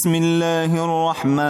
بسم الله الرحمن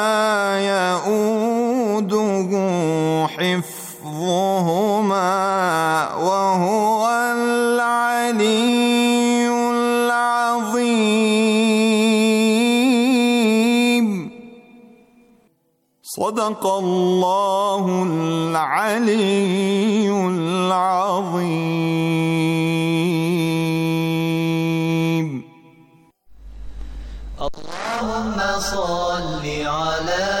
حفظهما وهو العلي العظيم صدق الله العلي العظيم اللهم صل على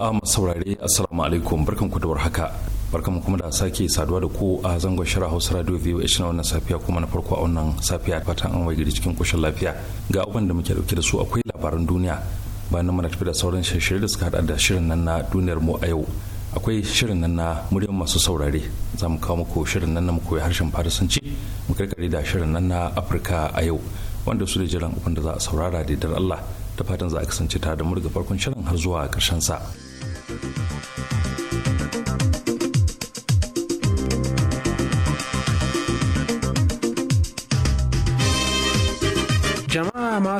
a masu saurare assalamu alaikum barkan ku da haka barkan kuma da sake saduwa da ku a zangon shara hausa radio voa na wannan safiya kuma na farko a wannan safiya fatan an waigiri cikin koshin lafiya ga abin da muke dauke da su akwai labaran duniya bayan nan muna tafi da sauran shirye da suka hada da shirin nan na duniyar mu a yau akwai shirin nan na muryar masu saurare za mu kawo muku shirin nan na mu koyi harshen farisanci mu karkare da shirin nan na afirka a yau wanda su da jiran abin da za a saurara da Allah ta fatan za a kasance ta da murga farkon shirin har zuwa karshen sa.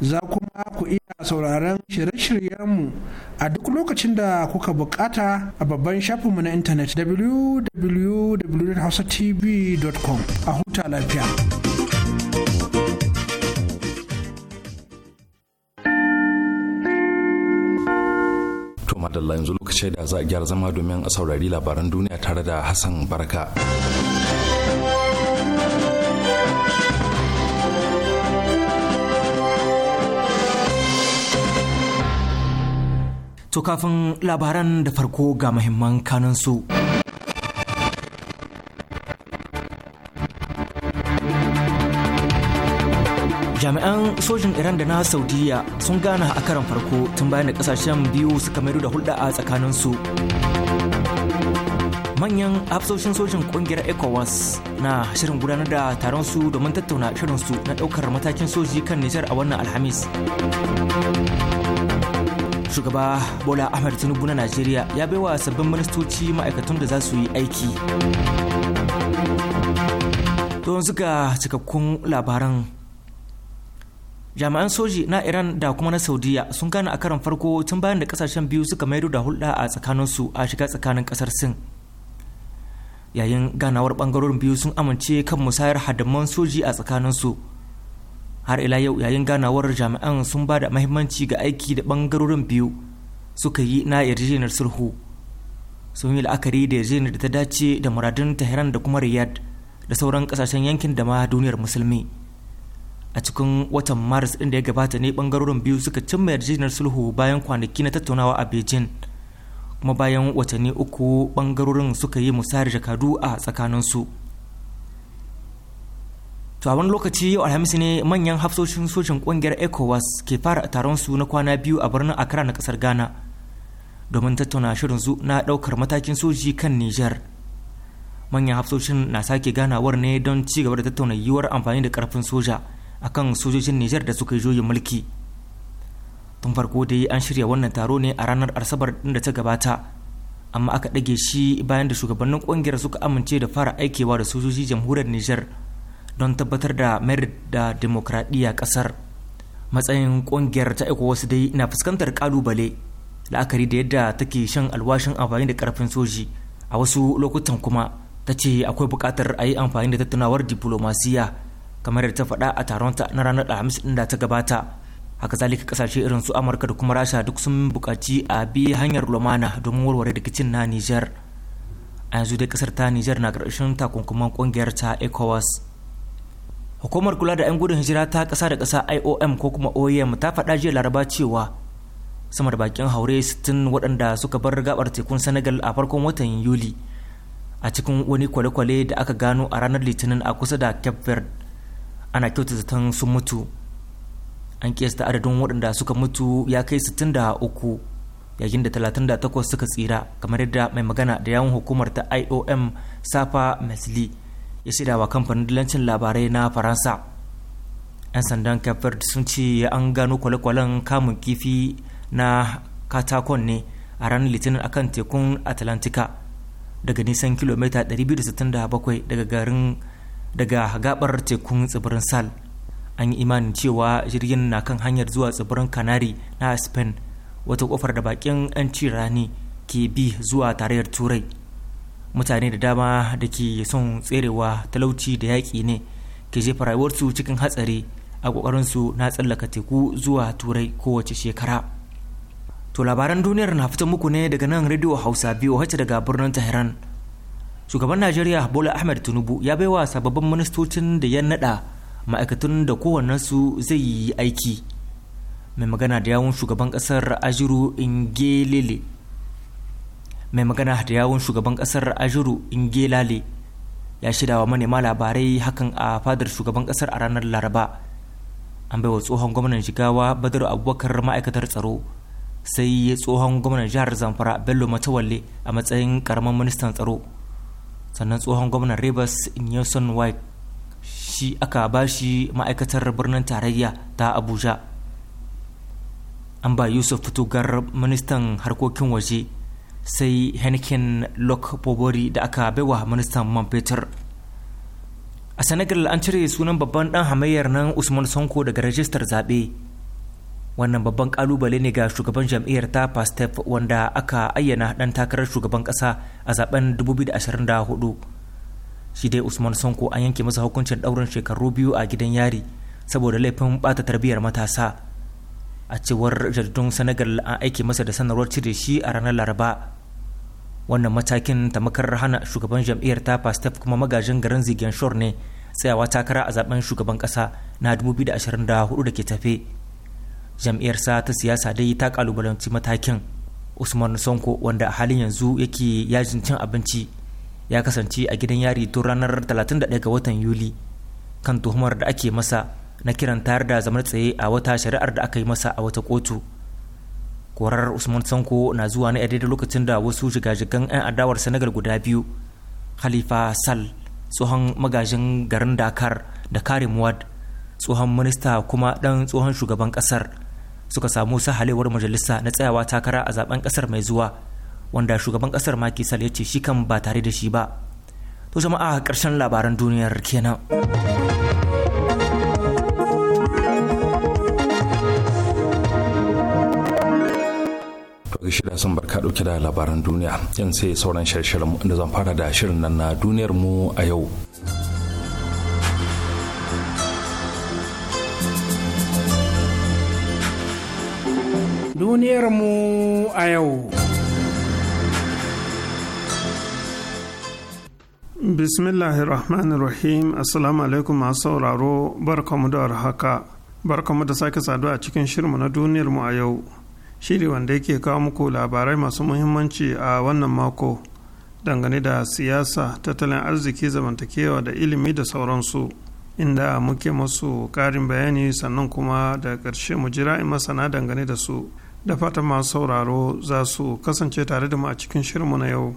za kuma ku iya sauraron shirye-shiryenmu a duk lokacin da kuka bukata a babban shafinmu na intanet www.hausatv.com a huta lafiya. madalla yanzu lokacin da za a gyara zama domin a saurari labaran duniya tare da Hassan baraka To kafin labaran da farko ga muhimman kanansu. Jami'an sojin Iran da na Saudiya sun gana a karan farko tun bayan da kasashen biyu suka maido da hulɗa a tsakaninsu. Manyan hafsoshin sojin ƙungiyar ECOWAS na shirin gudanar da taron su domin tattauna shirinsu na ɗaukar matakin soji kan Nijar a wannan Alhamis. shugaba bola ahmed tinubu na najeriya ya bai wa sabbin ministoci ma'aikatan da za su yi aiki don ga cikakkun labaran jami'an soji na iran da kuma na saudiya sun gane a karan farko tun bayan da kasashen biyu suka maido da hulɗa a tsakaninsu a shiga tsakanin kasar sin yayin ganawar bangarorin biyu sun amince kan musayar hadaman soji a tsakaninsu har ila yau yayin ganawar jami'an sun ba da mahimmanci ga aiki da bangarorin biyu suka yi na yarjejeniyar sulhu sun yi la'akari da yarjejeniyar da ta dace da muradun tehran da kuma riyad da sauran kasashen yankin da ma duniyar musulmi a cikin watan maris din da ya gabata ne bangarorin biyu suka cimma yarjejeniyar sulhu bayan kwanaki na tattaunawa a beijing kuma bayan watanni uku bangarorin suka yi musayar jakadu a tsakaninsu to a wani lokaci yau alhamis ne manyan hafsoshin sojin kungiyar ecowas ke fara taron su na kwana biyu a birnin akara na kasar ghana domin tattauna shirin su na daukar matakin soji kan niger manyan hafsoshin na sake ganawar ne don ci gaba da tattauna yiwuwar amfani da karfin soja akan sojojin niger da suka yi juyin mulki tun farko dai an shirya wannan taro ne a ranar asabar din da ta gabata amma aka ɗage shi bayan da shugabannin kungiyar suka amince da fara aikewa da sojoji jamhuriyar niger don tabbatar da mayar da demokradiyya kasar matsayin kungiyar ta wasu dai na fuskantar kalubale la'akari da yadda take shan alwashin amfani da karfin soji a wasu lokutan kuma ta ce akwai bukatar a yi amfani da tattunawar diplomasiya kamar da ta faɗa a taron ta na ranar alhamis ɗin da ta gabata haka zalika kasashe irin su amurka da kuma rasha duk sun bukaci a bi hanyar lumana domin warware rikicin na niger a yanzu dai kasar ta niger na ƙarshen takunkuman ƙungiyar ta ecowas hukumar kula da 'yan gudun hijira ta kasa da kasa iom ko kuma oem ta faɗa jiya laraba cewa samar bakin haure 60 waɗanda suka bar gabar tekun senegal a farkon watan yuli a cikin wani kwale-kwale da aka gano a ranar litinin a kusa da cape verde ana kyauta zaton sun mutu an kiyasta adadin waɗanda suka mutu ya kai 63 yayin da 38 suka tsira kamar yadda mai magana da yawon hukumar ta iom safa mesli ya shaida wa kamfanin dillancin labarai na faransa 'yan sandan kafir sun ce an gano kwalekwalen kamun kifi na katakon ne a ranar litinin akan tekun atlantika daga nisan kilomita 267 daga garin daga gabar tekun tsibirin sal an yi imanin cewa jirgin na kan hanyar zuwa tsibirin canary na spain wata kofar da bakin 'yan rani ke bi zuwa tarayyar turai mutane da dama da ke son tserewa talauci da yaƙi ne ke jefa rayuwarsu cikin hatsari a su na tsallaka teku zuwa turai kowace shekara to labaran duniyar na fitan muku ne daga nan radio hausa biyu wacce daga birnin tehran shugaban najeriya bola ahmed tinubu ya baiwa sababbin ministocin da ya naɗa ma'aikatun da su zai yi aiki mai magana da yawun shugaban ƙasar ajiru ingelele mai magana da yawun shugaban kasar ajuru ingelale ya shida wa manema labarai hakan a fadar shugaban kasar a ranar laraba an baiwa tsohon gwamnan jigawa badar abubakar ma'aikatar tsaro sai ya tsohon gwamnan jihar zamfara bello matawalle a matsayin karamin ministan tsaro sannan tsohon gwamnan rivers nelson white shi aka ba shi ma'aikatar birnin tarayya ta abuja an ba yusuf fitugar ministan harkokin waje sai henkin lok bobori da aka baiwa ministan man fetur a senegal an cire sunan babban dan hamayyar nan usman sonko daga rajistar zaɓe wannan babban kalubale ne ga shugaban jam'iyyar ta pastef wanda aka ayyana dan takarar shugaban ƙasa a zaben 2024 shi dai usman sonko an yanke masa hukuncin ɗaurin shekaru biyu a gidan yari saboda laifin bata tarbiyyar matasa a cewar jaridun senegal an aiki masa da sanarwar cire shi a ranar laraba wannan matakin ta tamakar hana shugaban jam'iyyar ta step kuma magajin garin zigen shore ne tsayawa takara a zaben shugaban kasa na 2024 da ke tafe jam'iyyar sa ta siyasa dai ta kalubalanci matakin usman sonko wanda a halin yanzu yake yajin cin abinci ya kasance a gidan yari tun ranar 31 ga watan yuli kan tuhumar da ake masa na kiran tayar da zaman tsaye a wata shari'ar da aka yi masa a wata kotu korar usman sanko na zuwa na a daidai lokacin da wasu shiga-shigan 'yan adawar senegal guda biyu khalifa sal tsohon magajin garin dakar da kare muwad tsohon minista kuma ɗan tsohon shugaban ƙasar suka samu sahalewar majalisa na tsayawa takara a zaben ƙasar mai zuwa wanda shugaban ƙasar maki Sall ya ce shi kan ba tare da shi ba to jama'a karshen labaran duniyar kenan. gashi shirya sun barka dauke da labaran duniya yan sai sauran shirin inda zan fara da shirin nan na duniyar mu a yau duniyar mu a yau bismillahir rahmanir rahim assalamu alaikum masu sauraro barkamu da haka barkamu da sake saduwa a cikin shirmu na duniyar mu a yau shiri wanda yake kawo muku labarai masu muhimmanci a wannan mako dangane da siyasa tattalin arziki zamantakewa da ilimi da sauransu inda muke masu ƙarin bayani sannan kuma da ƙarshe mu jira masana dangane da su da fatan masu sauraro za su kasance tare da mu a cikin shirinmu na yau.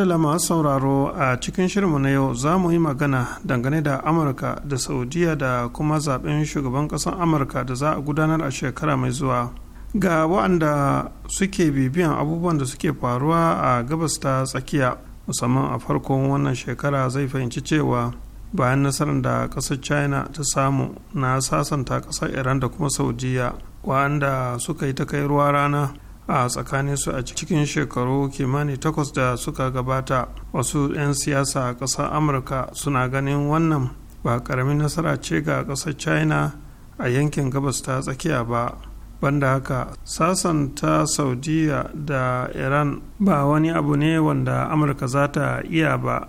madala masu sauraro a cikin shirinmu na yau za mu yi magana dangane da amurka da saudiya da kuma zaben shugaban ƙasar amurka da za a gudanar a shekara mai zuwa ga waɗanda suke bibiyan abubuwan da suke faruwa a gabas ta tsakiya musamman a farkon wannan shekara zai fahimci cewa bayan nasarar da ƙasar china ta samu na sasanta ƙasar iran da kuma saudiya waɗanda suka yi ta kai ruwa rana a tsakanin su a cikin shekaru kimanin takwas da suka gabata wasu 'yan siyasa a ƙasar amurka suna ganin wannan ba ƙaramin nasara ce ga ƙasar china a yankin gabas ta tsakiya ba banda haka sasanta saudiya da iran ba wani abu ne wanda amurka za ta iya ba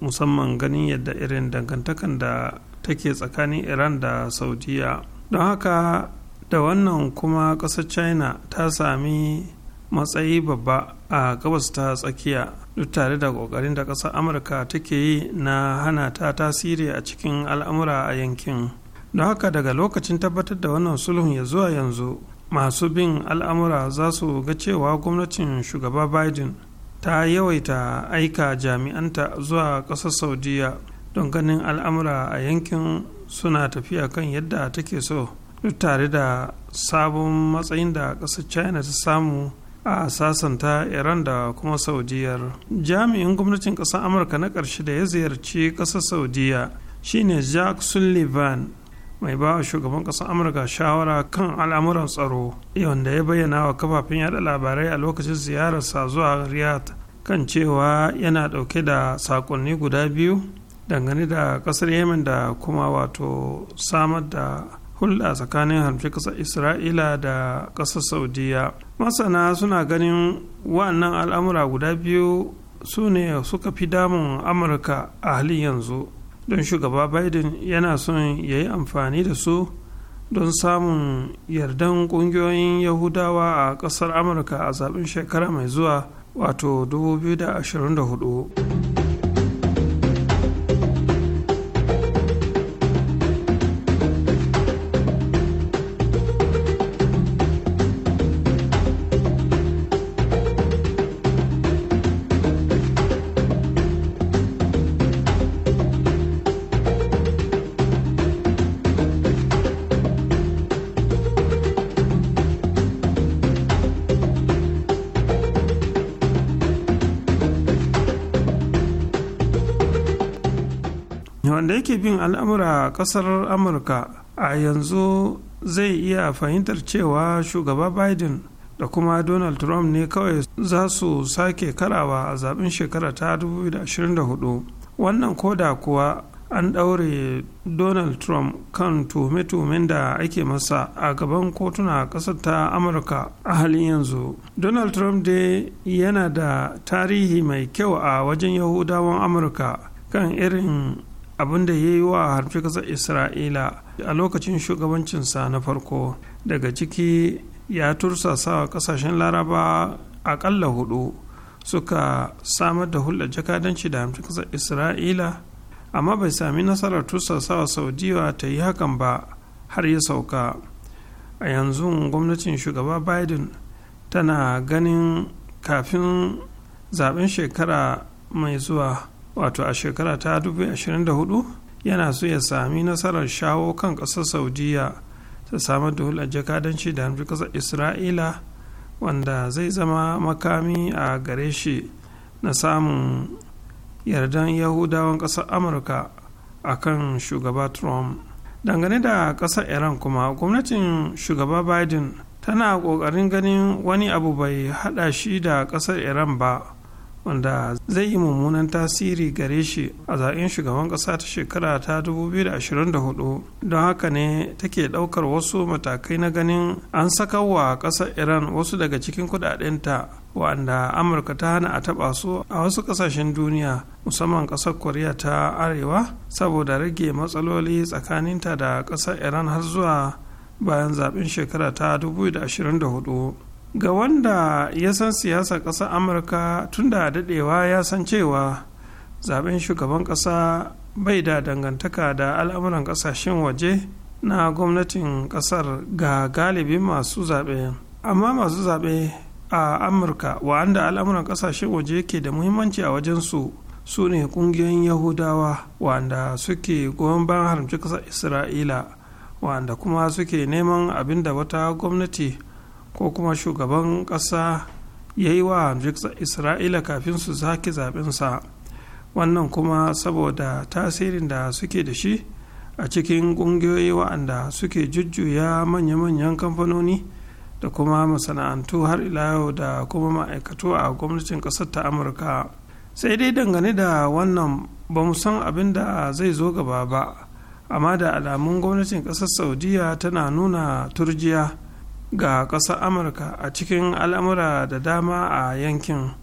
musamman ganin yadda irin dangantakan da take tsakanin iran da saudiya don haka da wannan kuma ƙasar china ta sami matsayi babba a gabas ta tsakiya duk tare da ƙoƙarin da ƙasar amurka take yi na hana ta tasiri a cikin al'amura a yankin don haka daga lokacin tabbatar da wannan sulhun ya zuwa yanzu masu bin al'amura za su ga cewa gwamnatin shugaba biden ta yawaita aika jami'anta zuwa ƙasar saudiya don ganin al'amura a yankin suna tafiya kan yadda take so duk tare da sabon matsayin da ƙasar china ta samu a sasanta iran da kuma saudiyar jami'in gwamnatin ƙasar amurka na ƙarshe da ya ziyarci ƙasar saudiya shine jack sullivan mai ba shugaban ƙasar amurka shawara kan al'amuran tsaro wanda ya bayyana wa kafafen yada labarai a lokacin ziyararsa zuwa riyadh kan cewa yana ɗauke da saƙonni guda biyu dangane da ƙasar yemen da kuma wato samar da hulɗa tsakanin harfi ƙasar isra'ila da ƙasar saudiya masana suna ganin wannan al'amura guda biyu su ne suka fi damun amurka a halin yanzu don shugaba biden yana son ya yi amfani da su don samun yardan ƙungiyoyin yahudawa a ƙasar amurka a zaben shekara mai zuwa wato 2024 tsarin al'amura ƙasar amurka a yanzu zai iya fahimtar cewa shugaba biden da kuma donald trump ne kawai za su sake karawa a zaben shekara ta 2024 wannan koda kuwa an ɗaure donald trump kan tuhume-tuhumen da ake masa a gaban kotuna ƙasar ta amurka a halin yanzu donald trump dai yana da tarihi mai kyau a wajen yahudawan amurka kan irin abin da ya yi wa harfi ƙasar isra'ila a lokacin shugabancinsa na farko daga ciki ya tursasa wa ƙasashen laraba aƙalla hudu suka samar da hulɗar jakadanci da harfi ƙasar isra'ila amma bai sami nasarar tursasa wa saudiya ta yi hakan ba har ya sauka a yanzu gwamnatin shugaba biden tana ganin kafin zaben shekara mai zuwa wato a shekara ta 2024 yana so ya sami nasarar shawo kan ƙasar saudiya ta samar da hulɗar jakadanci da hamshi ƙasar isra'ila wanda zai zama makami a gare shi na samun yardan yahudawan ƙasar amurka a kan shugaba trump dangane da ƙasar iran kuma gwamnatin shugaba biden tana ƙoƙarin ganin wani abu bai haɗa shi da ƙasar iran ba wanda zai yi mummunan tasiri gare shi a zaɓen shugaban ƙasa ta shekara ta 2024 don haka ne take ɗaukar wasu matakai na ganin an saka wa ƙasar iran wasu daga cikin kuɗaɗenta wanda amurka ta hana a taɓa su a wasu ƙasashen duniya musamman ƙasar koriya ta arewa saboda rage matsaloli tsakaninta da ƙasar iran har zuwa bayan zaɓen shekara ta 2024 ga wanda ya san siyasar ƙasar amurka tun da daɗewa ya san cewa zaben shugaban ƙasa bai da dangantaka da al'amuran ƙasashen waje na gwamnatin ƙasar ga galibi masu zaɓe amma masu zaɓe a amurka wa'anda al'amuran ƙasashen waje ke da muhimmanci a wajensu su ne ƙungiyoyin yahudawa wa'anda suke goyon bayan haramci ƙasar isra'ila wa'anda kuma suke neman abin da wata gwamnati ko kuma shugaban ƙasa ya yi wa isra'ila kafin su sake zaɓensa wannan kuma saboda tasirin da suke da shi a cikin ƙungiyoyi wa'anda suke jujjuya manya-manyan kamfanoni da kuma masana'antu har ila yau da kuma ma'aikatu a gwamnatin ƙasar ta amurka sai dai dangane da wannan ba mu san abin da zai zo gaba ba amma da alamun gwamnatin ƙasar saudiya tana nuna turjiya ga ƙasar amurka a cikin al'amura da dama a yankin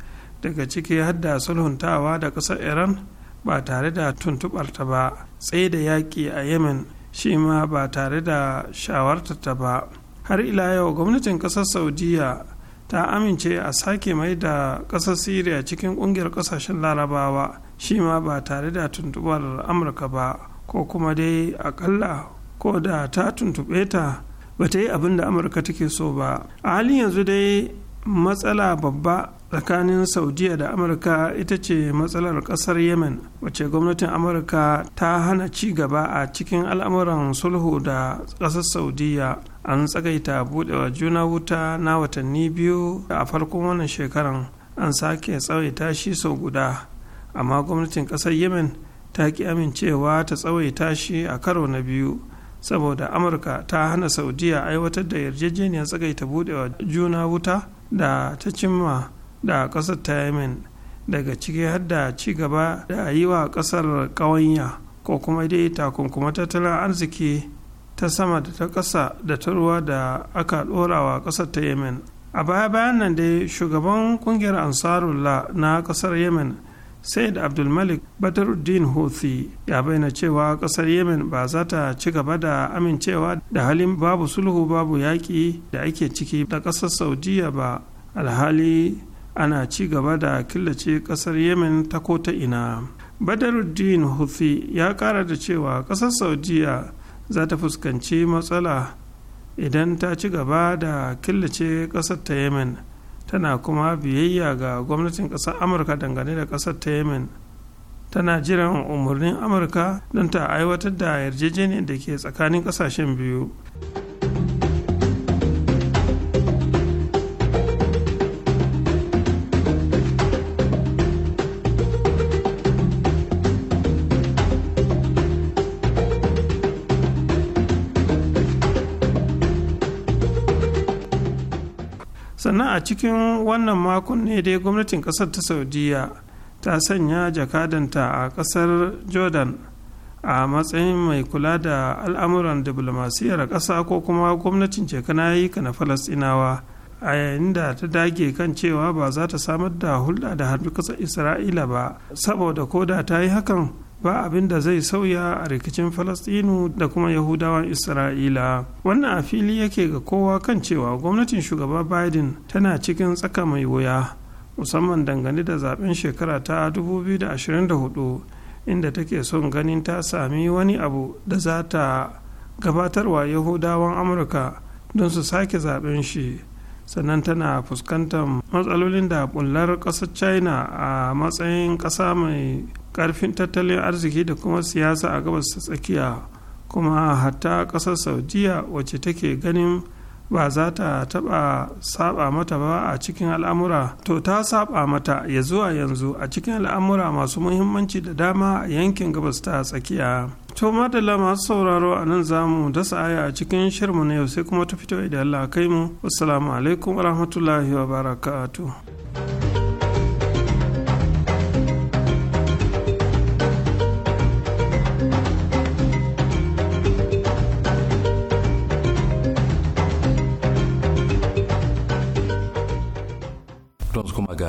daga ciki hadda sulhuntawa da ƙasar iran ba tare da tuntuɓarta ba tsaye da yaƙi a yemen shi ma ba tare da shawartarta ba har ila yau gwamnatin ƙasar saudiya ta amince a sake mai da ƙasar syria cikin ƙungiyar ƙasashen larabawa shi ma ba tare da tuntuɓar amurka ba ko kuma dai aƙalla ko da ta tuntuɓe ta ba ta yi abin da amurka take so ba a halin yanzu dai matsala babba tsakanin saudiya da amurka ita ce matsalar kasar yemen wacce gwamnatin amurka ta hana ci gaba a cikin al'amuran sulhu da kasar saudiya an tsagaita budewa juna wuta na watanni biyu a farkon wannan shekaran an sake tsawaita shi sau guda amma gwamnatin kasar yemen ta ki amincewa ta tsawaita shi a karo na biyu saboda amurka ta hana saudiya aiwatar da yarjejeniyar tsagaita budewa juna wuta da ta cimma da kasar ta yemen daga ciki har da ci gaba da yi wa kasar ƙawanya ko kuma dai takunkuma tattalin arziki ta sama da ta kasa da ta ruwa da aka dora wa kasar ta yemen a baya bayan nan dai shugaban kungiyar ansarullah na kasar yemen said abdulmalik badaruddin houthi ya bayyana cewa kasar yemen ba za ta ci gaba da amincewa da halin babu sulhu babu yaƙi da ake ciki da ƙasar saudiya ba alhali ana ci gaba da killace ƙasar yemen ta ko ta ina badaruddin houthi ya ƙara da cewa ƙasar saudiya za ta fuskanci matsala idan ta ci gaba da killace ƙasar ta yemen tana kuma biyayya ga gwamnatin ƙasar amurka dangane da ƙasar ta yemen tana jiran umarnin amurka don ta aiwatar da yarjejeniyar da ke tsakanin ƙasashen biyu. a cikin wannan makon ne dai gwamnatin kasar ta saudiya ta sanya jakadanta a kasar jordan a matsayin mai kula da al'amuran diplomasiyar ƙasa ko kuma gwamnatin cekanayi na falasinawa a yayin da ta dage kan cewa ba za ta samar da hulɗa da harbi ƙasar isra'ila ba saboda koda ta yi hakan ba abin da zai sauya a rikicin falastinu da kuma yahudawan isra'ila wannan a fili yake ga kowa kan cewa gwamnatin shugaba biden tana cikin tsaka mai wuya musamman dangane da zaben shekara ta 2024 inda take son ganin ta sami wani abu da za ta gabatarwa yahudawan amurka don su sake zaben shi sannan tana fuskantar matsalolin da bullar ƙasar china a matsayin ƙasa mai karfin tattalin arziki da kuma siyasa a gabas ta tsakiya kuma hatta kasar saudiya wacce take ganin ba za ta taba saba mata ba a cikin al'amura to ta saba mata ya zuwa yanzu a cikin al'amura masu muhimmanci da dama a yankin gabas ta tsakiya to madalla masu sauraro a nan za mu dasa aya a cikin shirmu na yau sai kuma ta fito idan Allah kai mu assalamu alaikum warahmatullahi wabarakatuh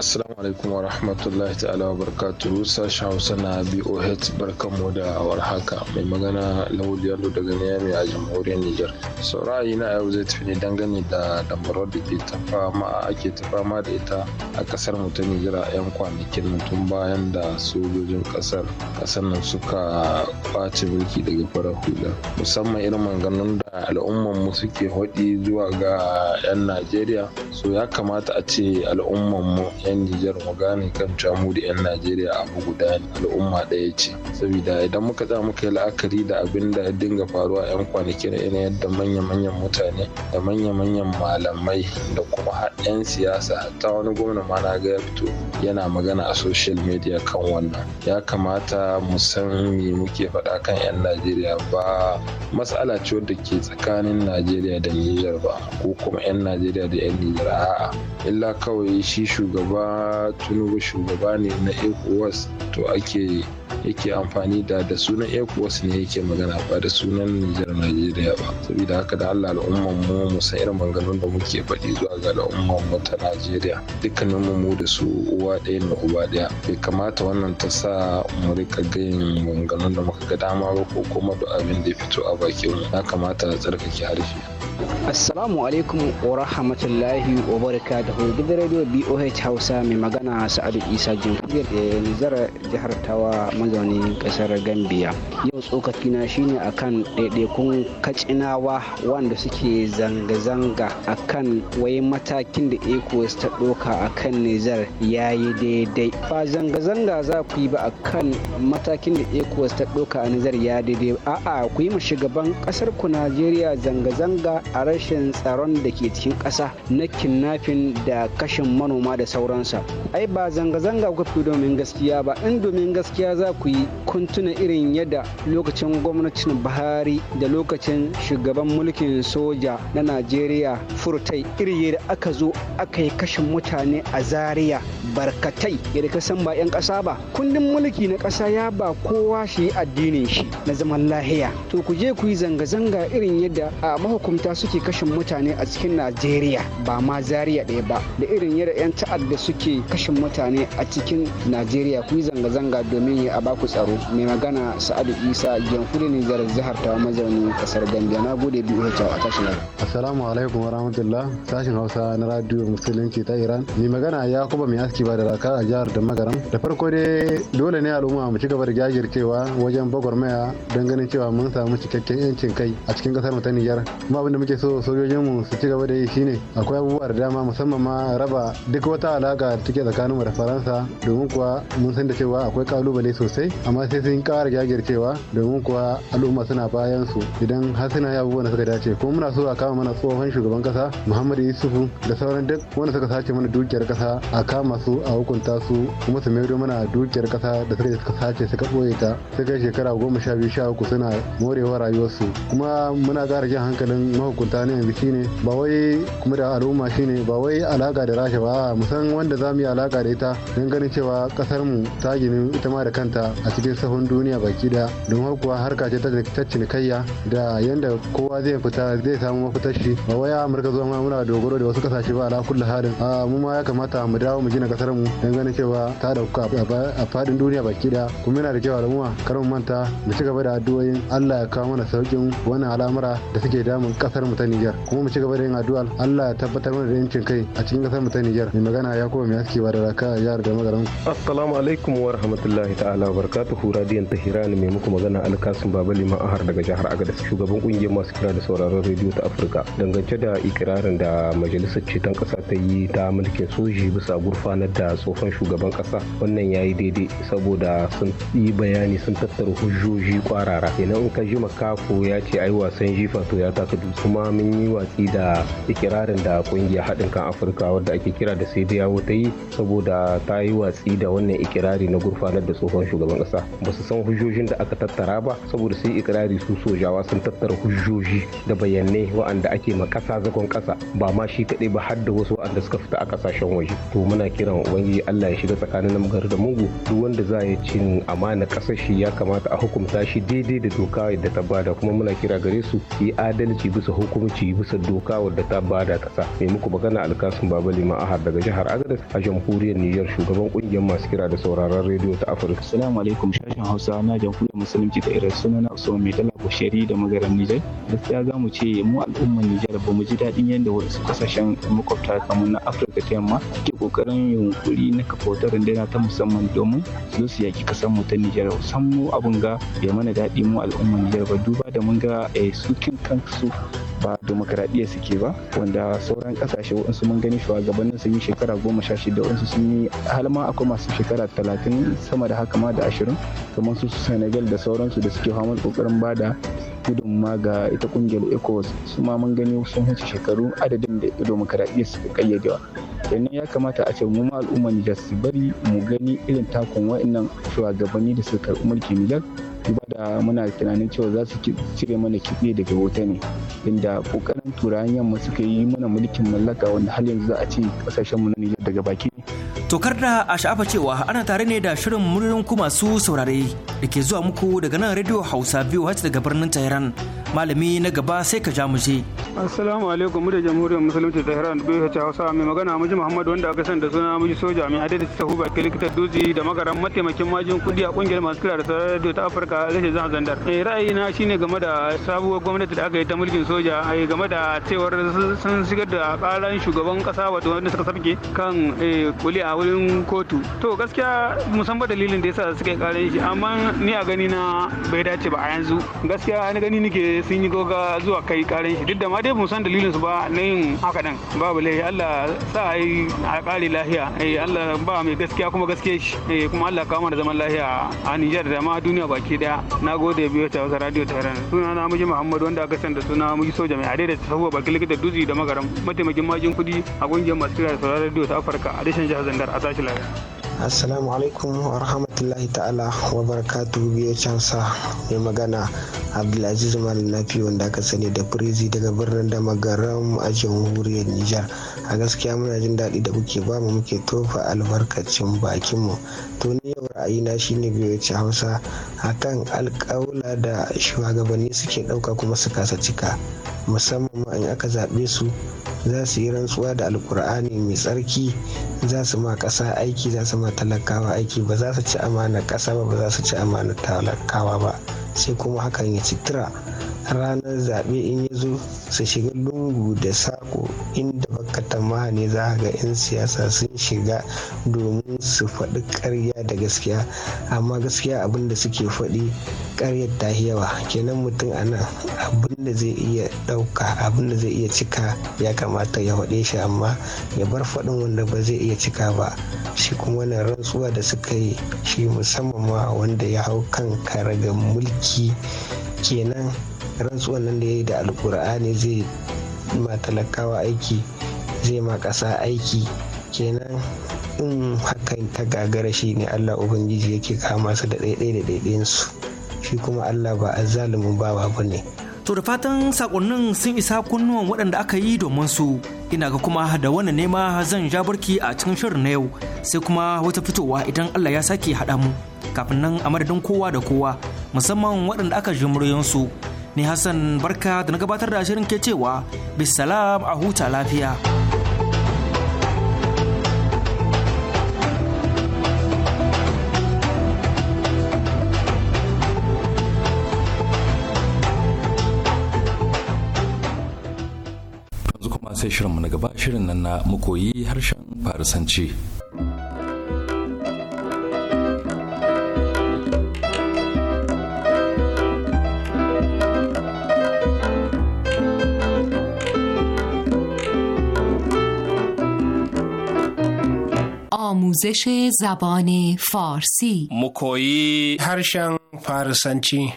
Assalamu alaikum wa rahmatullahi ta'ala wa barakatuhu sashen Hausa na BOH barkan mu da warhaka mai magana Lawal Yalo daga Niamey a jamhuriyar Nijar. saurayi na yau zai tafi ne dangane da damarar da ke tafama ake ma da ita a kasar mu ta Nijar a 'yan kwanakin mutum bayan da sojojin kasar kasar nan suka kwace mulki daga farar hula musamman irin maganganun da al'umman mu suke hodi zuwa ga 'yan Najeriya so ya kamata a ce al'umman mu 'yan Nijar mu gane kan mu da 'yan Najeriya abu guda ne al'umma ɗaya ce. Saboda idan muka za muka yi la'akari da abin da ya dinga faruwa 'yan kwanaki na irin yadda manya-manyan mutane da manya-manyan malamai da kuma 'yan siyasa ta wani gwamna ma na ga fito yana magana a social media kan wannan. Ya kamata mu san me muke faɗa kan 'yan Najeriya ba matsala ce wadda ke tsakanin Najeriya da Nijar ba ko kuma 'yan Najeriya da 'yan Nijar a'a illa kawai shi shugaba cewa tunubu shugaba ne na ecowas to ake yake amfani da da sunan force ne yake magana ba da sunan nijar najeriya ba saboda haka da allah al'umman mu mu irin maganganun da muke faɗi zuwa ga al'umman mu ta nigeria dukkanin mu da su uwa ɗaya na uba ɗaya bai kamata wannan ta sa mu rika gayin maganganun da muka ga dama ba ko kuma da abin da ya fito a bakin mu ya kamata a tsarkake harshe Assalamu alaikum wa rahmatullahi wa baraka da gidan radio BOH Hausa mai magana Sa'adu Isa Jamhuriyar Nijar jihar Tawa mazaunin kasar gambia yau tsokakina shine akan ɗaiɗaikun kacinawa wanda suke zanga-zanga akan wai matakin da ecos ta ɗoka akan nizar ya yi daidai ba zanga-zanga za ku yi ba akan matakin da ecos ta ɗoka a nizar ya daidai a'a ku yi ma shugaban ƙasar ku najeriya zanga-zanga a rashin tsaron da ke cikin ƙasa na kidnapping da kashin manoma da sauransa ai ba zanga-zanga ku fi domin gaskiya ba in domin gaskiya za za ku yi kun tuna irin yadda lokacin gwamnatin buhari da lokacin shugaban mulkin soja na najeriya furtai iri yadda aka zo aka yi kashin mutane a zaria barkatai yadda ka san ba 'yan ƙasa ba kundin mulki na ƙasa ya ba kowa shi yi addinin shi na zaman lahiya to ku je ku yi zanga-zanga irin yadda a mahukunta suke kashin mutane a cikin najeriya ba ma zaria ɗaya ba da irin yadda 'yan ta'adda suke kashin mutane a cikin najeriya ku yi zanga-zanga domin ya ba baku tsaro mai magana sa'adu isa jamhuri zara jihar ta mazauni kasar gambia na gode biyu hajja a tashin assalamu alaikum warahmatullah tashin hausa na radio musulunci ta iran mai magana ya kuma mai aski ba da raka a jihar da magaram da farko dai dole ne al'umma mu ci gaba da jajircewa wajen bagwarmaya don ganin cewa mun samu cikakken yancin kai a cikin kasar mu ta nijar kuma abinda muke so sojojin mu su ci gaba da yi shine akwai abubuwa da dama musamman ma raba duk wata alaka da take tsakanin mu da faransa domin kuwa mun san da cewa akwai kalubale sosai amma sai sun ƙara jajircewa domin kuwa al'umma suna bayan su idan har ya yi abubuwan da suka dace kuma muna so a kama mana tsohon shugaban kasa muhammadu yusufu da sauran duk wanda suka sace mana dukiyar kasa a kama su a hukunta su kuma su maido mana dukiyar kasa da suka suka sace suka ɓoye ta sai kai shekara goma sha biyu sha uku suna morewa rayuwarsu kuma muna ƙara jan hankalin mahukunta na yanzu shine ba wai kuma da al'umma shine ba wai alaka da rasha ba musan wanda za mu yi alaka da ita don ganin cewa kasar mu ta gini ita ma da kanta kanta a cikin sahun duniya baki da don har kuwa harka ce ta cinikayya da yanda kowa zai fita zai samu mafitar shi ba waya amurka zuwa muna dogaro da wasu kasashe ba ala kullu halin a mu ma ya kamata mu dawo mu gina kasar mu don ganin cewa ta dauka a fadin duniya baki da kuma yana da kyau al'umma kar mu manta mu ci gaba da addu'o'in Allah ya kawo mana saukin wannan al'amura da suke damun kasar mu ta Niger kuma mu ci gaba da yin addu'a Allah ya tabbatar mana da yancin kai a cikin kasar mu ta Niger mai magana ya kuma mai askewa da raka yar da magaran assalamu alaikum wa rahmatullahi ta'ala ta'ala ta hira tahiran mai muku magana alkasun baba liman ahar daga jihar agadas shugaban kungiyar masu kira da sauraron rediyo ta afirka dangance da ikirarin da majalisar ceton kasa ta yi ta mulkin soji bisa gurfanar da tsohon shugaban kasa wannan ya yi daidai saboda sun yi bayani sun tattara hujjoji kwarara idan in ka ji makafo ya ce ai wasan jifa to ya taka dutse kuma mun yi watsi da ikirarin da kungiyar haɗin kan afirka wadda ake kira da sai ta yi saboda ta yi watsi da wannan ikirari na gurfanar da tsohon shugaban kasa ba su san hujjojin da aka tattara ba saboda sai ikirari su sojawa sun tattara hujjoji da bayanai wa'anda ake ma kasa zagon kasa ba ma shi kaɗai ba har da wasu waɗanda suka fita a kasashen waje to muna kiran ubangiji Allah ya shiga tsakanin namgar da mugu duk wanda za ya cin amana kasar shi ya kamata a hukunta shi daidai da doka da ta bada kuma muna kira gare su yi adalci bisa hukumci bisa doka wadda ta bada kasa mai muku magana alkasun babali ma'ahar daga jihar agadez a jamhuriyar niger shugaban kungiyar masu kira da sauraron rediyo ta afirka Assalamu alaikum shashin Hausa na jamhuriyar musulunci ta Iran sunana Usman Mai Dala Bushari da magaran Nijar. Gaskiya za mu ce mu al'ummar Nijar ba mu ji daɗin yadda wasu kasashen makwabta kamar na Afirka ta yamma ke kokarin yunkuri na kafa wata rundunar ta musamman domin su su yaki kasan mu ta Nijar. San mu abun ga ya mana daɗi mu al'ummar Nijar ba duba da mun ga eh, su kin kansu ba demokradiyya suke ba wanda sauran kasashe waɗansu mun gani shugabannin sun yi shekara goma sha shida waɗansu sun yi halma akwai masu shekara talatin sama da haka ma da ashirin kamar su senegal da sauransu da suke hamar kokarin da gudunma ga ita kungiyar ecowas su ma mun gani sun wuce shekaru adadin da demokradiyya suka kayyadewa yanzu ya kamata a ce mu ma al'ummar nijar su bari mu gani irin takon wa'annan shugabanni da suka karɓi mulkin nijar da muna tunanin cewa za su cire mana kitse daga wuta ne inda kokarin turayen yamma suka yi mana mulkin mallaka wanda har yanzu za a ce kasashen mu na Nijar daga baki tokar da a sha'afa cewa ana tare ne da shirin muryoyin ku masu saurare da ke zuwa muku daga nan radio Hausa biyu har daga birnin Tehran malami na gaba sai ka ja mu je Assalamu alaikum mu da jamhuriyar musulunci ta Iran bai ta Hausa mai magana muji Muhammad wanda aka san da suna muji soja mai adadi ta huba ke likitar dozi da magaran mataimakin majin kudi a kungiyar masu kira da sauran radio ta Afirka rashin zan zandar. Eh, ra'ayi na shine game da sabuwar gwamnati da aka yi ta mulkin soja a game da cewar sun shigar da karan shugaban kasa wato wanda suka sabke kan eh, kuli a wurin kotu. To gaskiya musamman dalilin da yasa suka yi karan shi amma ni a gani na bai dace ba a yanzu. Gaskiya ni gani nike sun yi goga zuwa kai karan shi duk da ma dai ba mu san dalilin su ba na yin haka din babu laifi Allah sa ai a kare lafiya eh Allah ba mai gaskiya kuma gaskiya shi eh kuma Allah ka mana zaman lafiya a Niger da ma duniya baki daya nagode biyo ta wasa radio ran suna na miji Muhammad wanda aka san da suna miji soja mai adai da sabuwa bakin likita duzi da magaram mataimakin majin kudi a kungiyar masu kira da radio ta Afirka a dashin jihar Zandar a tashi lafiya assalamu alaikum wa rahmatullahi ta'ala wa barakatuhu biyar cansa mai magana abdulaziz malinafi wanda aka sani da firizi daga birnin magaram a jamhuriyar nijar a gaskiya muna jin daɗi da kuke ba mu muke tofa albarkacin bakinmu to ni yau ra'ayina shine biyo hausa akan alƙawula da shugabanni suke ɗauka kuma su kasa cika musamman ma in aka zaɓe su za su yi rantsuwa da alkur'ani mai tsarki za su ma ƙasa aiki za su ma ma talakawa aiki ba za su ci amana ƙasa ba ba za su ci amana talakawa ba sai kuma hakan ya citira ranar zaɓe in ya zo su shiga lungu da sako inda baka maha ne za ga 'yan siyasa sun shiga domin su faɗi ƙarya da gaskiya amma gaskiya abin da suke faɗi ƙaryar ta yawa kenan mutum a nan abin da zai iya ɗauka abin da zai iya cika ya kamata ya faɗe shi amma ya bar faɗin wanda ba zai iya cika ba shi kuma wannan rantsuwa da suka yi shi musamman ma wanda ya hau kan karagar mulki kenan rantsuwan nan da ya yi da alkur'ani zai ma talakawa aiki zai ma ƙasa aiki kenan in hakan ta gagara shi ne allah ubangiji yake kama su da ɗaiɗai da ɗaiɗayinsu shi kuma Allah ba azzalumin bawa ne. to da fatan sakonnin sun isa kunnuwan waɗanda aka yi domin su ina ga kuma da wani nema zan ja barki a cikin shirin na yau sai kuma wata fitowa idan Allah ya sake haɗa mu kafin nan a madadin kowa da kowa musamman waɗanda aka ji su ni Hassan barka da na gabatar da shirin ke cewa bisalam a huta lafiya. sai mu na gaba shirin nan na mukoyi harshen farisanci. آموزش زبان فارسی مکویی هرشن فارسنچی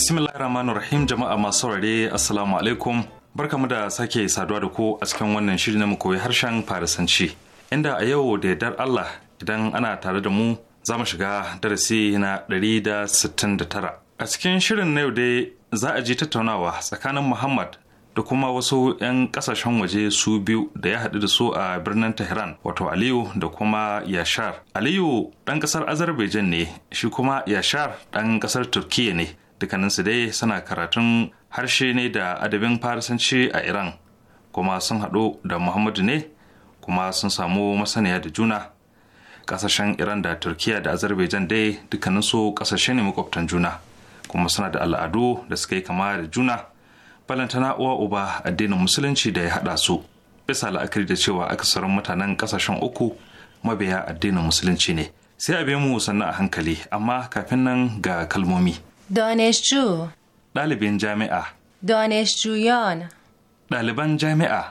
Bismillahirrahmanirrahim jama'a masu saurare Assalamu alaikum barkamu da sake saduwa da ku a cikin wannan shiri na koyi harshen Farisanci. Inda a yau da yardar Allah idan ana tare da mu za mu shiga darasi na ɗari da da tara. A cikin shirin na yau dai za a ji tattaunawa tsakanin Muhammad da kuma wasu 'yan kasashen waje su biyu da ya haɗu da su a birnin Tehran wato Aliyu da kuma Yashar. Aliyu ɗan ƙasar Azerbaijan ne, shi kuma Yashar ɗan ƙasar Turkiyya ne. dukkaninsu dai suna karatun harshe ne da adabin farisanci a iran kuma sun haɗu da muhammadu ne kuma sun samu masaniya da juna ƙasashen iran da turkiya da azerbaijan dai dukkaninsu ƙasashe ne makwabtan juna kuma suna da al'adu da suka yi kama da juna balantana uwa uba addinin musulunci da ya haɗa su bisa la'akari da cewa akasarin mutanen ƙasashen uku mabiya addinin musulunci ne sai a mu sannan a hankali amma kafin nan ga kalmomi دانشجو بله بین جمعه دانشجویان بین جمعه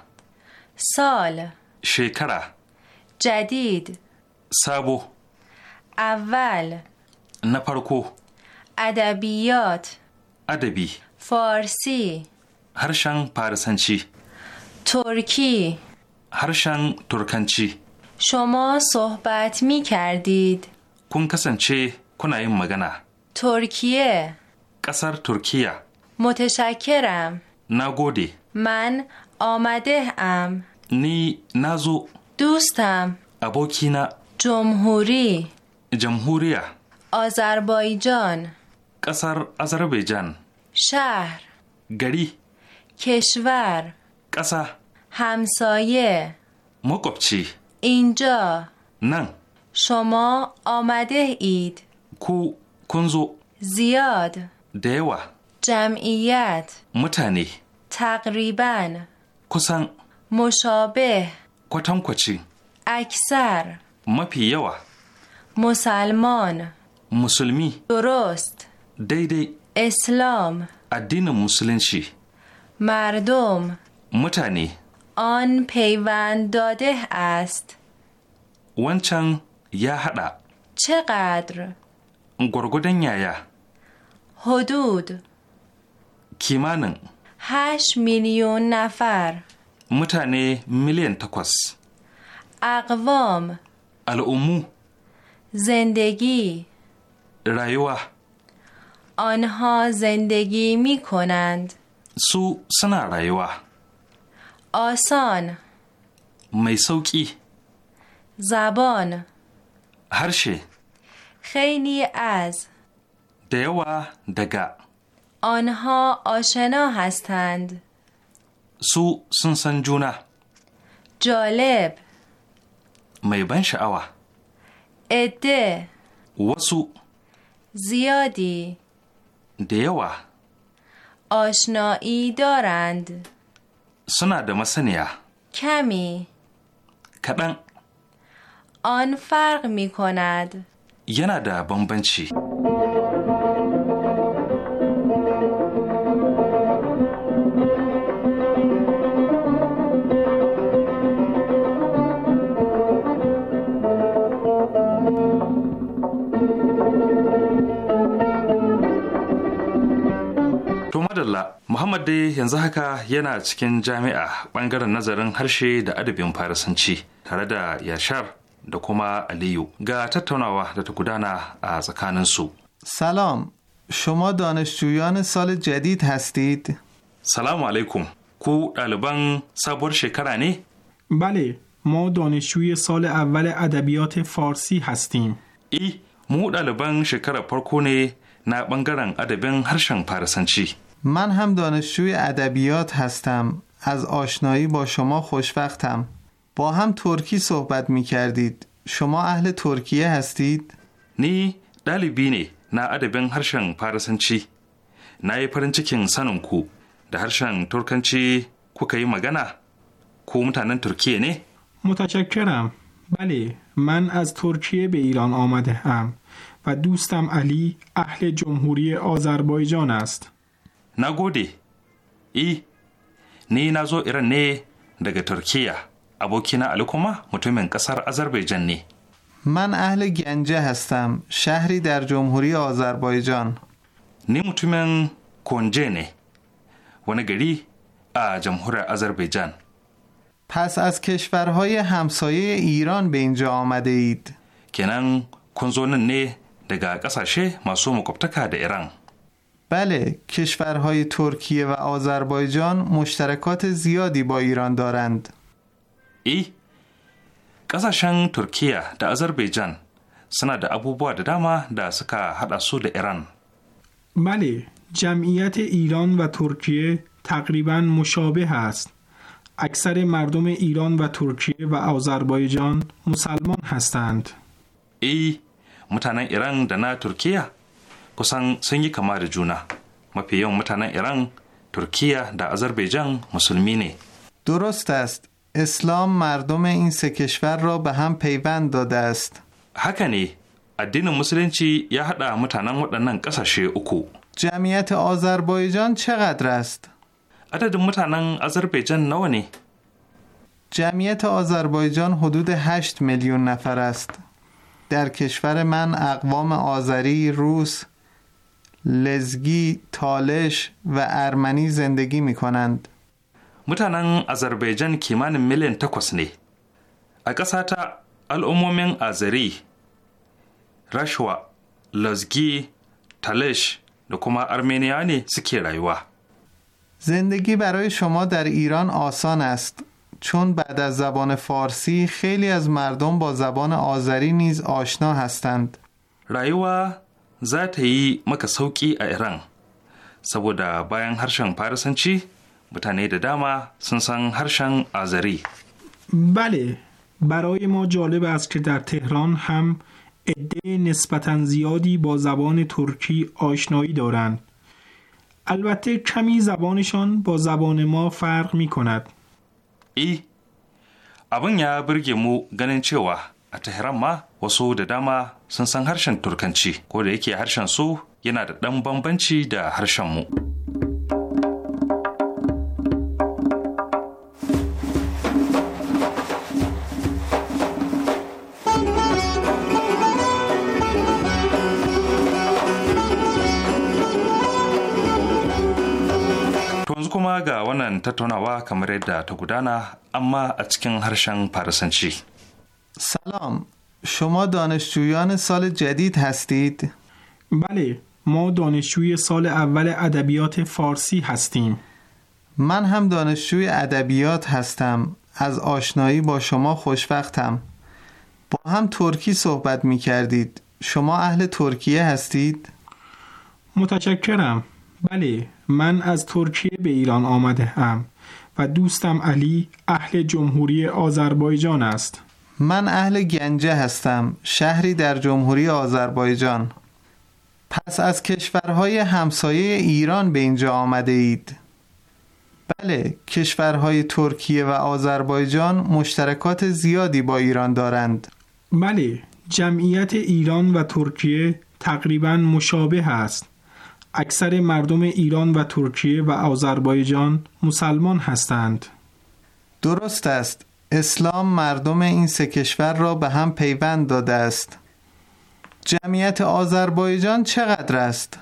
سال شکره جدید سابو اول نپرکو ادبیات ادبی فارسی هرشان پارسنچی ترکی هرشان ترکنچی شما صحبت می کردید کن چه کناییم مگنه ترکیه قصر ترکیه متشکرم نگودی من آمده ام نی نزو دوستم ابوکینا جمهوری جمهوریه آذربایجان قصر آذربایجان شهر گری کشور قصر همسایه مقبچی اینجا نه شما آمده اید کو کنزو زیاد دیوه جمعیت متنی تقریبا کسان مشابه کتان کچی اکثر مپیوا مسلمان مسلمی درست دیدی اسلام دین مسلمشی مردم متنی آن پیوند داده است ونچن یا حدا چقدر گرگودن یایا حدود کیمانن هشت میلیون نفر متانه میلیون تکوس اقوام الامو زندگی رایوه آنها زندگی می کنند سو سنا رایوه آسان میسوکی زبان هرشه خیلی از دیوه دگا آنها آشنا هستند سو سنسنجونه جالب میبن شعوه اده وسو زیادی دیوه آشنایی دارند سنا دمسنیا کمی کدن آن فرق می کند yana da bambanci. Muhammad dai yanzu haka yana cikin jami'a ɓangaren nazarin harshe da adabin Farisanci tare da Yashar da kuma Aliyu ga tattaunawa da ta از a سلام شما دانشجویان سال جدید هستید؟ سلام علیکم کو طالبان سابور بله ما دانشجوی سال اول ادبیات فارسی هستیم ای مو طالبان شکر پرکو نه نه بنگرن ادبین هرشن چی من هم دانشجوی ادبیات هستم از آشنایی با شما خوشوقتم با هم ترکی صحبت می کردید. شما اهل ترکیه هستید؟ نی دلیبی نه na adabin harshen Farisanci, na yi farin cikin saninku da harshen Turkanci kuka yi magana ko mutanen Turkiye ne? متشکرم بله من از ترکیه به ایران آمده هم و دوستم علی اهل جمهوری آذربایجان است نگودی ای نی نزو ایران نه دگه ترکیه abokina Ali kuma mutumin ƙasar Azerbaijan من اهل گنجه هستم شهری در جمهوری آذربایجان نی کنجه نه ونگری جمهور آذربایجان پس از کشورهای همسایه ایران به اینجا آمده اید کنن کنزون نه دگا قساشه ماسو مکبتکا ده ایران بله کشورهای ترکیه و آذربایجان مشترکات زیادی با ایران دارند ای eh, ƙasashen ترکیه da azerbaijan suna da abubuwa da dama da suka haɗa su بله جمعیت ایران و ترکیه تقریبا مشابه است اکثر مردم ایران و ترکیه و آذربایجان مسلمان هستند ای متن ایران دنا ترکیه کسان سنگی کمار جونه پیون متن ایران ترکیه در آذربایجان مسلمینه درست است اسلام مردم این سه کشور را به هم پیوند داده است. هکنی ادین مسلمچی یا حدا متنان ودنن ƙasashe uku. جمعیت آذربایجان چقدر است؟ عدد متنان آذربایجان نوانی. جمعیت آذربایجان حدود 8 میلیون نفر است. در کشور من اقوام آذری، روس، لزگی، تالش و ارمنی زندگی می کنند. متنان ازربیجان که من ملین تکست نیست. اگه ساتر الامومین ازری، رشوه، لازگی، تلش، دکمه ارمینیانی، سکیه زندگی برای شما در ایران آسان است. چون بعد از زبان فارسی، خیلی از مردم با زبان آزری نیز آشنا هستند. رایوا، وا، ای مکسوکی ایران. سبود بایان هرشان پرسن چی؟ mutane da dama sun san harshen azari. Bale, برای ما جالب است که در تهران هم عده نسبتا زیادی با زبان ترکی آشنایی دارند البته کمی زبانشان با زبان ما فرق می کند ای abin ya birge mu ganin cewa a Tehran ma wasu da dama sun san harshen Turkanci, ko da yake harshen su yana da ɗan bambanci da harshen mu. ga wannan tattaunawa kamar yadda ta gudana amma a cikin سلام شما دانشجویان سال جدید هستید؟ بله ما دانشجوی سال اول ادبیات فارسی هستیم من هم دانشجوی ادبیات هستم از آشنایی با شما خوشوقتم با هم ترکی صحبت می کردید شما اهل ترکیه هستید؟ متشکرم بله من از ترکیه به ایران آمده هم و دوستم علی اهل جمهوری آذربایجان است من اهل گنجه هستم شهری در جمهوری آذربایجان پس از کشورهای همسایه ایران به اینجا آمده اید بله کشورهای ترکیه و آذربایجان مشترکات زیادی با ایران دارند بله جمعیت ایران و ترکیه تقریبا مشابه است اکثر مردم ایران و ترکیه و آذربایجان مسلمان هستند درست است اسلام مردم این سه کشور را به هم پیوند داده است جمعیت آذربایجان چقدر است؟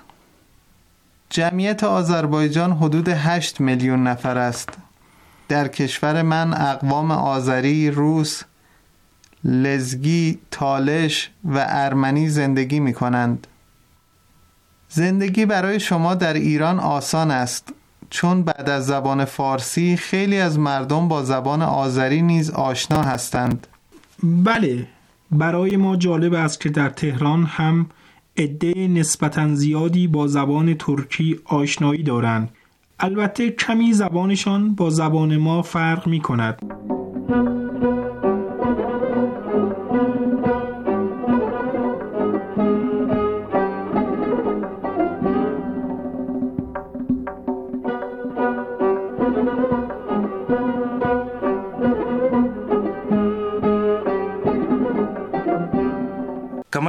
جمعیت آذربایجان حدود 8 میلیون نفر است در کشور من اقوام آذری، روس، لزگی، تالش و ارمنی زندگی می کنند زندگی برای شما در ایران آسان است چون بعد از زبان فارسی خیلی از مردم با زبان آذری نیز آشنا هستند بله برای ما جالب است که در تهران هم عده نسبتا زیادی با زبان ترکی آشنایی دارند البته کمی زبانشان با زبان ما فرق می کند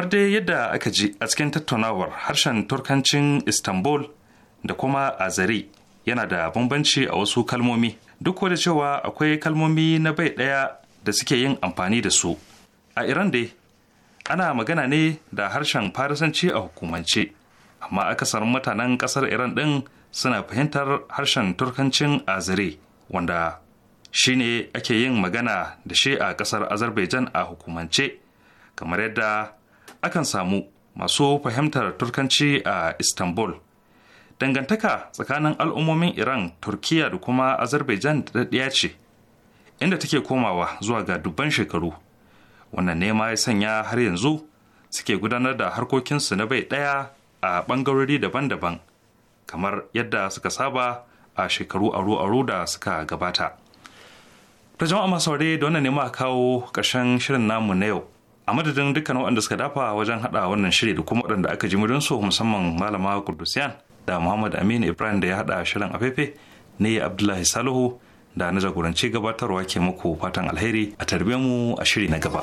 dai yadda aka ji a cikin tattaunawar harshen turkancin istanbul da kuma azari yana da bambanci a wasu kalmomi duk da cewa akwai kalmomi na bai ɗaya da suke yin amfani da su a iran dai ana magana ne da harshen farisanci a hukumance amma kasar mutanen ƙasar iran ɗin suna fahimtar harshen turkancin azare wanda shi ne ake yin magana da shi a ƙasar azerbaijan a hukumance kamar yadda akan samu masu fahimtar turkanci a istanbul dangantaka tsakanin al'ummomin iran turkiya da kuma azerbaijan ɗaya ce inda take komawa zuwa ga dubban shekaru wannan nema ya sanya har yanzu suke gudanar da harkokinsu na bai ɗaya a ɓangarori daban-daban kamar yadda suka saba a shekaru aro-aro da suka gabata. Ta jama'a masaure da wannan nema kawo ƙarshen shirin namu na yau a madadin dukkan waɗanda suka dafa wajen haɗa wannan shiri da kuma waɗanda aka ji murinsu su musamman malama kudusiyan da muhammad aminu ibrahim da ya haɗa shirin afefe ne abdullahi salihu da na jagoranci gabatarwa ke muku fatan alheri a tarbe mu a shiri na gaba.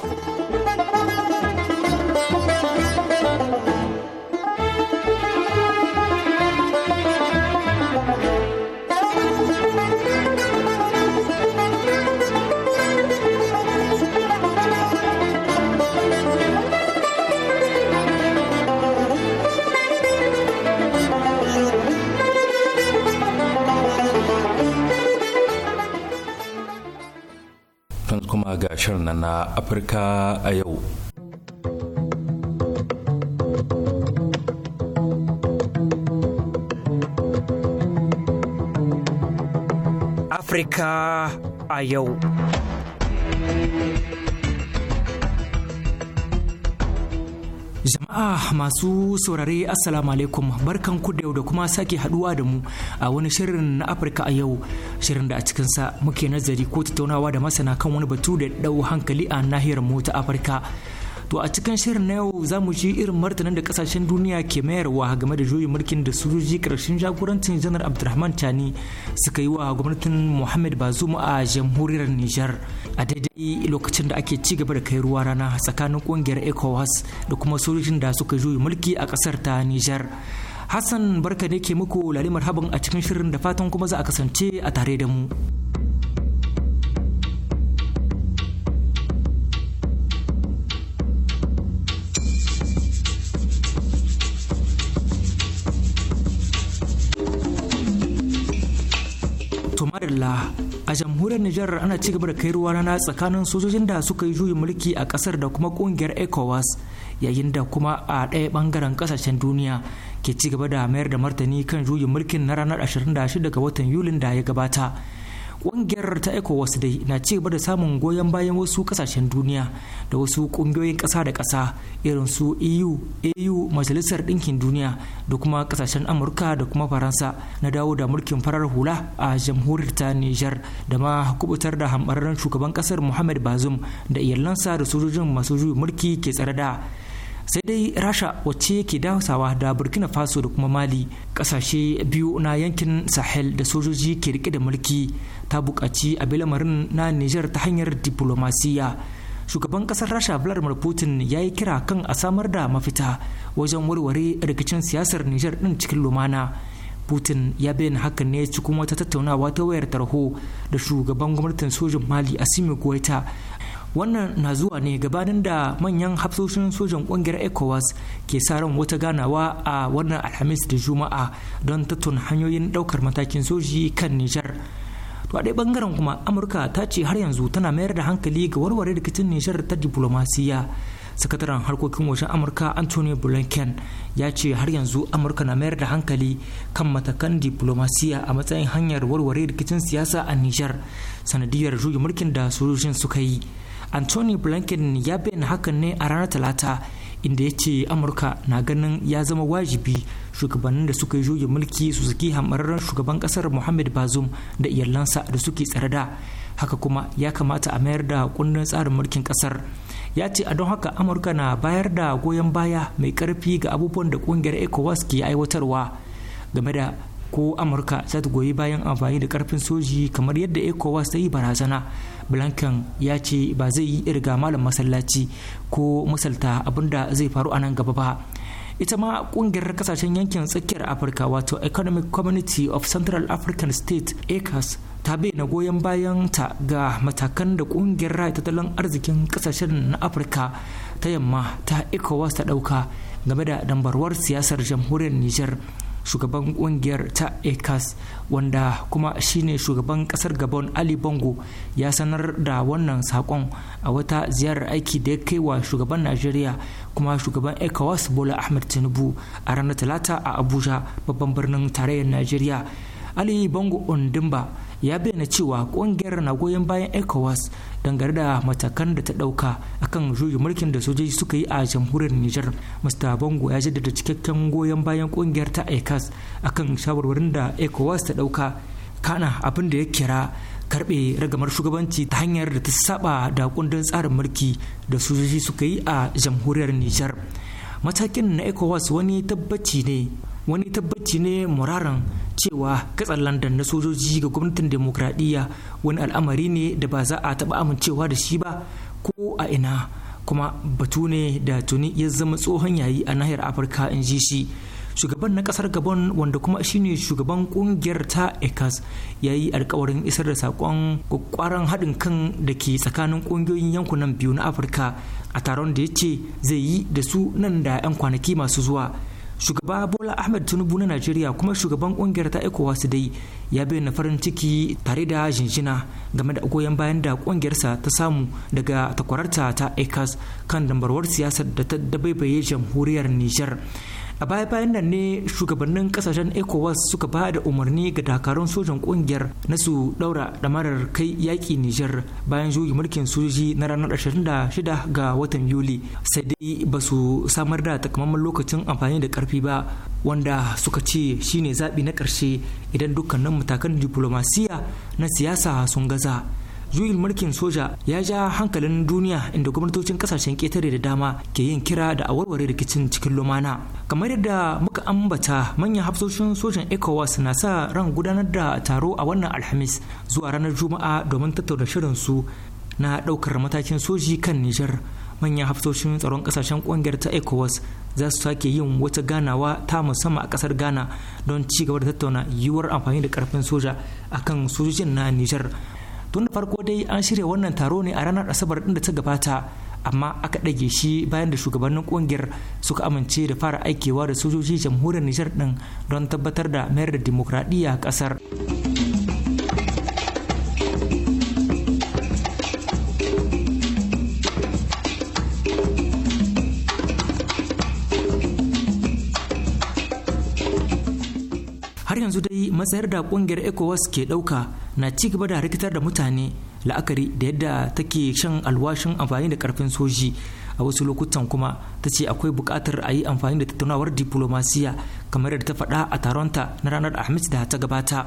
tun kuma ga shirin na afirka a yau afirka a yau masu saurare Assalamu alaikum barkan ku da yau da kuma sake haduwa da mu a wani shirin na Afirka a yau shirin da a cikinsa muke nazari ko tattaunawa da masana kan wani batu da dau hankali a nahiyar mu ta Afirka. To a cikin shirin na yau za mu ji irin martanin da kasashen duniya ke mayarwa game da juyin mulkin da sojoji karshen jagorancin janar Abdulrahman Chani suka yi wa gwamnatin Muhammad Bazoum a jamhuriyar Nijar. a daidai lokacin da ake ci gaba da kai ruwa rana tsakanin kungiyar ecowas da kuma sojojin da suka juyi mulki a kasar ta nijar hassan barka ne ke muku lalimar marhaban a cikin shirin da fatan kuma za a kasance a tare da mu to jamhuriyar Nijar ana ci gaba da kai ruwa rana tsakanin sojojin da suka yi juyin mulki a kasar da kuma kungiyar ECOWAS yayin da kuma a ɗaya bangaren kasashen duniya ke ci gaba da mayar da martani kan juyin mulkin na ranar 26 ga watan Yulin da ya gabata. ƙungiyar ta ecowas dai na ci gaba da samun goyon bayan wasu kasashen duniya da wasu ƙungiyoyin ƙasa da ƙasa irin su eu au majalisar ɗinkin duniya da kuma ƙasashen amurka da kuma faransa na dawo da mulkin farar hula a jamhuriyar ta niger da ma kubutar da hambararren shugaban ƙasar muhammad bazum da iyalansa da sojojin masu mulki ke tsare da sai dai rasha wacce ke dasawa da burkina faso da kuma mali kasashe biyu na yankin sahel da sojoji ke rike da mulki ta buƙaci a lamarin na niger ta hanyar diplomasiya shugaban kasar rasha vladimir putin ya yi kira kan a samar da mafita wajen warware rikicin siyasar niger din cikin lumana putin ya bayyana hakan ne cikin wata tattaunawa ta wayar tarho da shugaban gwamnatin sojin mali asimi goita wannan na zuwa ne gabanin da manyan hafsoshin sojan kungiyar ecowas ke sa ran wata ganawa a wannan alhamis da juma'a don tattun hanyoyin daukar matakin soji kan nijar to a ɗaya bangaren kuma amurka ta ce har yanzu tana mayar da hankali ga warware rikicin nijar ta diplomasiya sakataren harkokin wajen amurka anthony blinken ya ce har yanzu amurka na mayar da hankali kan matakan diplomasiya a matsayin hanyar warware rikicin siyasa a nijar sanadiyar juya mulkin da sojojin suka yi anthony blinken ya bayyana hakan ne a ranar talata inda ya ce amurka na ganin ya zama wajibi shugabannin da suka yi juyin mulki su saki hamararren shugaban kasar muhammad bazum da iyalansa da suke tsare da haka kuma ya kamata a mayar da kundin tsarin mulkin kasar ya ce a don haka amurka na bayar da goyon baya mai karfi ga abubuwan da kungiyar ecowas ke aiwatarwa game da ko amurka za ta goyi bayan amfani da karfin soji kamar yadda ecowas ta yi barazana blanken ya ce ba zai yi irga malam masallaci ko misalta abinda zai faru a nan gaba ba ita ma kungiyar kasashen yankin tsakiyar afirka wato economic community of central african state ecas ta na goyon bayan ta ga matakan da kungiyar raya tattalin arzikin kasashen na afirka ta yamma ta ecowas ta dauka game da dambarwar siyasar jamhuriyar niger shugaban kungiyar ta ecas wanda kuma shine shugaban kasar gabon ali bongo ya sanar da wannan sakon a wata ziyarar aiki da ya kai wa shugaban najeriya kuma shugaban ecowas bola ahmed tinubu a ranar talata a abuja babban birnin tarayyar najeriya aliyu bango ondimba ya bayyana cewa kungiyar na goyon bayan ecowas dangane da matakan da ta dauka akan juyin mulkin da sojoji suka yi a jamhuriyar nijar mr bango ya jaddada cikakken goyon bayan kungiyar ta ecas akan shawarwarin da ecowas ta dauka kana abin da ya kira karbe ragamar shugabanci ta hanyar da ta saba da kundin tsarin mulki da sojoji suka yi a jamhuriyar nijar matakin na ecowas wani tabbaci ne wani tabbaci ne muraran cewa katsar london na sojoji ga gwamnatin demokradiyya wani al'amari ne da ba za a taɓa amincewa da shi ba ko a ina kuma batu ne da tuni ya zama tsohon yayi a nahiyar afirka in ji shi shugaban na kasar gabon wanda kuma shine shugaban kungiyar ta ecas ya yi alkawarin isar da saƙon kwakwaran haɗin kan da ke tsakanin ƙungiyoyin yankunan biyu na afirka a taron da ya ce zai yi da su nan da 'yan kwanaki masu zuwa shugaba bola ahmed tinubu na najeriya kuma shugaban kungiyar ta su dai ya bayyana farin ciki tare da jinjina game da goyon bayan da kungiyarsa ta samu daga takwararta ta ecas kan dambarwar siyasar da ta dabaibaye jamhuriyar niger a baya bayan nan ne shugabannin kasashen ecowas suka ba da umarni ga dakarun sojan kungiyar na su daura damarar kai yaƙi nijar bayan juyi mulkin sojoji na ranar 26 ga watan yuli sai dai ba su samar da takamaiman lokacin amfani da karfi ba wanda suka ce shine zaɓi na ƙarshe idan dukkanin matakan diplomasiya na siyasa sun gaza juyin mulkin soja ya ja hankalin duniya inda gwamnatocin kasashen ketare da dama ke yin kira da awarware rikicin cikin lumana kamar yadda muka ambata manyan hafsoshin sojan ecowas na sa ran gudanar da taro a wannan alhamis zuwa ranar juma'a domin tattauna shirin su na ɗaukar matakin soji kan nijar manyan hafsoshin tsaron kasashen ƙungiyar ta ecowas za su sake yin wata ganawa ta musamman a kasar ghana don ci gaba da tattauna yiwuwar amfani da karfin soja akan sojojin na nijar tun da farko dai an shirya wannan taro ne a ranar asabar din da ta gabata amma aka ɗage shi bayan da shugabannin kungiyar suka amince da fara aikewa da sojoji jamhuriyar nijar din don tabbatar da mayar da dimokuraɗiyya a ƙasar. matsayar da kungiyar ecowas ke dauka na ci gaba da rikitar da mutane la'akari da yadda take shan alwashin amfani da karfin soji a wasu lokutan kuma ta ce akwai bukatar a yi amfani da tattaunawar diplomasiya kamar yadda ta faɗa a taronta na ranar alhamis da ta gabata